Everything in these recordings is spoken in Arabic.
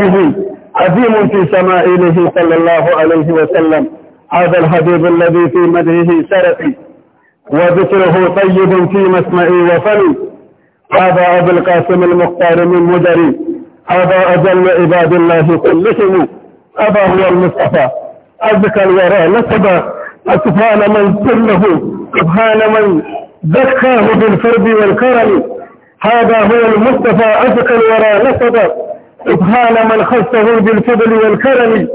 به عظيم في شمائله صلى الله عليه وسلم هذا الحبيب الذي في مدهه سرقي وذكره طيب في مسمعي وفمي هذا أبو القاسم المختار من مدري هذا أجل عباد الله كلهم أبا هو المصطفى أذكى الورى نسبا سبحان من سله سبحان من ذكاه بالفرد والكرم هذا هو المصطفى أذكى الورى نسبا سبحان من خصه بالفضل والكرم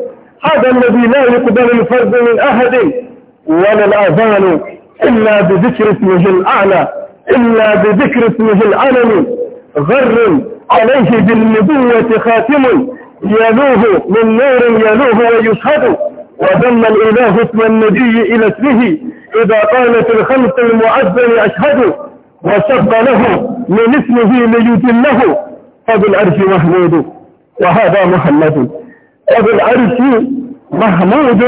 هذا الذي لا يقبل الفرد من أحد ولا الأذان إلا بذكر اسمه الأعلى إلا بذكر اسمه العلم غر عليه بالنبوة خاتم يلوه من نور يلوه ويشهد وذم الإله اسم النبي إلى اسمه إذا قالت الخمس المعذن أشهد وشق له من اسمه ليدله فبالأرش محمود وهذا محمد وفي العرش محمود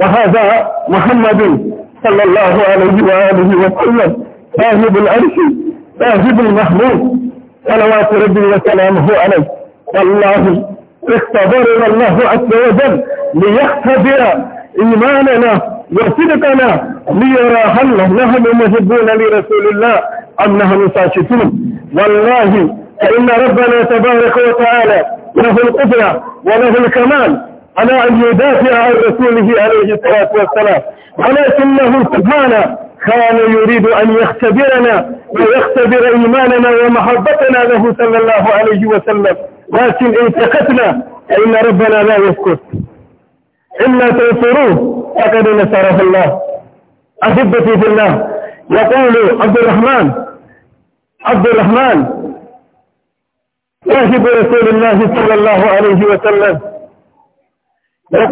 وهذا محمد صلى الله عليه وآله وسلم صاحب العرش صاحب المحمود صلوات ربي وسلامه عليه والله اختبرنا الله عز وجل ليختبر إيماننا وصدقنا ليرى هل نحن محبون لرسول الله أم نحن ساكتون والله فإن ربنا تبارك وتعالى له القدرة وله الكمال على أن يدافع عن رسوله عليه الصلاة والسلام ولكنه سبحانه كان يريد أن يختبرنا ويختبر إيماننا ومحبتنا له صلى الله عليه وسلم لكن انتقتنا فإن ربنا لا يسكت إلا تنصروه فقد نصره الله أحبتي في الله يقول عبد الرحمن عبد الرحمن صاحب رسول الله صلى الله عليه وسلم